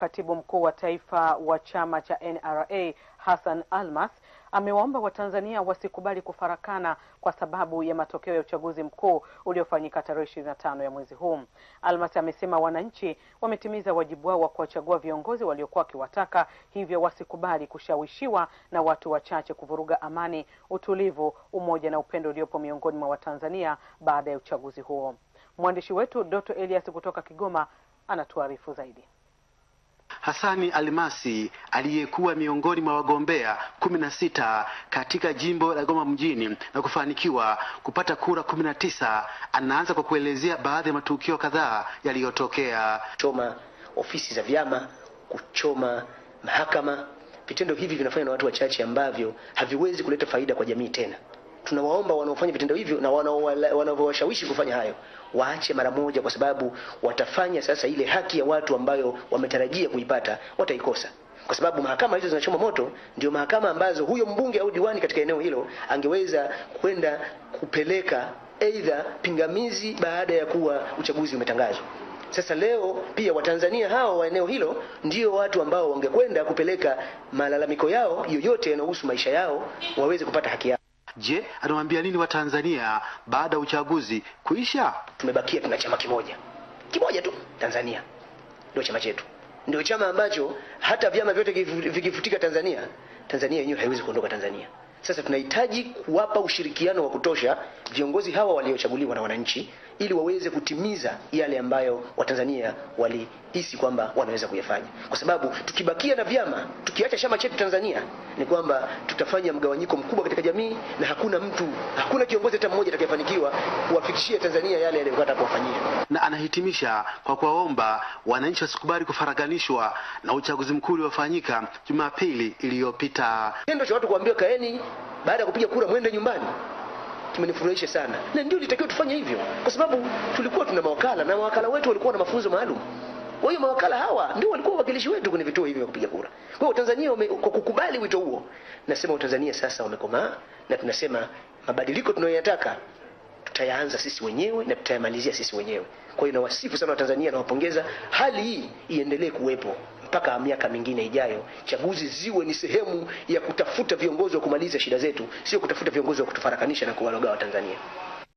Katibu mkuu wa taifa wa chama cha NRA Hassan Almas amewaomba Watanzania wasikubali kufarakana kwa sababu ya matokeo ya uchaguzi mkuu uliofanyika tarehe ishirini na tano ya mwezi huu. Almas amesema wananchi wametimiza wajibu wao wa kuwachagua viongozi waliokuwa wakiwataka, hivyo wasikubali kushawishiwa na watu wachache kuvuruga amani, utulivu, umoja na upendo uliopo miongoni mwa Watanzania baada ya uchaguzi huo. Mwandishi wetu Doto Elias kutoka Kigoma anatuarifu zaidi. Hassani Almasi aliyekuwa miongoni mwa wagombea kumi na sita katika jimbo la Goma mjini na kufanikiwa kupata kura kumi na tisa anaanza kwa kuelezea baadhi ya matukio kadhaa yaliyotokea: kuchoma ofisi za vyama, kuchoma mahakama. Vitendo hivi vinafanywa na watu wachache ambavyo haviwezi kuleta faida kwa jamii tena tunawaomba wanaofanya vitendo hivyo na wanaowashawishi kufanya hayo waache mara moja, kwa sababu watafanya sasa ile haki ya watu ambayo wametarajia kuipata wataikosa, kwa sababu mahakama hizo zinachoma moto ndio mahakama ambazo huyo mbunge au diwani katika eneo hilo angeweza kwenda kupeleka aidha pingamizi baada ya kuwa uchaguzi umetangazwa. Sasa leo pia Watanzania hao wa eneo hilo ndio watu ambao wangekwenda kupeleka malalamiko yao yoyote yanayohusu maisha yao waweze kupata haki yao. Je, anawaambia nini Watanzania baada ya uchaguzi kuisha? Tumebakia tuna chama kimoja kimoja tu Tanzania, ndio chama chetu, ndio chama ambacho hata vyama vyote vikifutika Tanzania, Tanzania yenyewe haiwezi kuondoka Tanzania. Sasa tunahitaji kuwapa ushirikiano wa kutosha viongozi hawa waliochaguliwa na wananchi ili waweze kutimiza yale ambayo Watanzania walihisi kwamba wanaweza kuyafanya, kwa sababu tukibakia na vyama, tukiacha chama chetu Tanzania, ni kwamba tutafanya mgawanyiko mkubwa katika jamii, na hakuna mtu, hakuna kiongozi hata mmoja atakayefanikiwa kuwafikishia Tanzania yale yaliyotaka kuwafanyia. Na anahitimisha kwa kuwaomba wananchi wasikubali kufaraganishwa na uchaguzi mkuu uliofanyika Jumapili iliyopita. Kitendo cha watu kuambiwa kaeni, baada ya kupiga kura mwende nyumbani imenifurahisha sana, na ndio litakiwa tufanye hivyo, kwa sababu tulikuwa tuna mawakala na mawakala wetu walikuwa na mafunzo maalum. Kwa hiyo mawakala hawa ndio walikuwa wawakilishi wetu kwenye vituo hivi vya kupiga kura. Kwa hiyo Tanzania kwa kukubali wito huo, nasema Watanzania sasa wamekomaa, na tunasema mabadiliko tunayoyataka tutayaanza sisi wenyewe na tutayamalizia sisi wenyewe. Kwa hiyo nawasifu sana Watanzania, nawapongeza. Hali hii iendelee kuwepo mpaka miaka mingine ijayo, chaguzi ziwe ni sehemu ya kutafuta viongozi wa kumaliza shida zetu, sio kutafuta viongozi wa kutufarakanisha na kuwaloga Watanzania.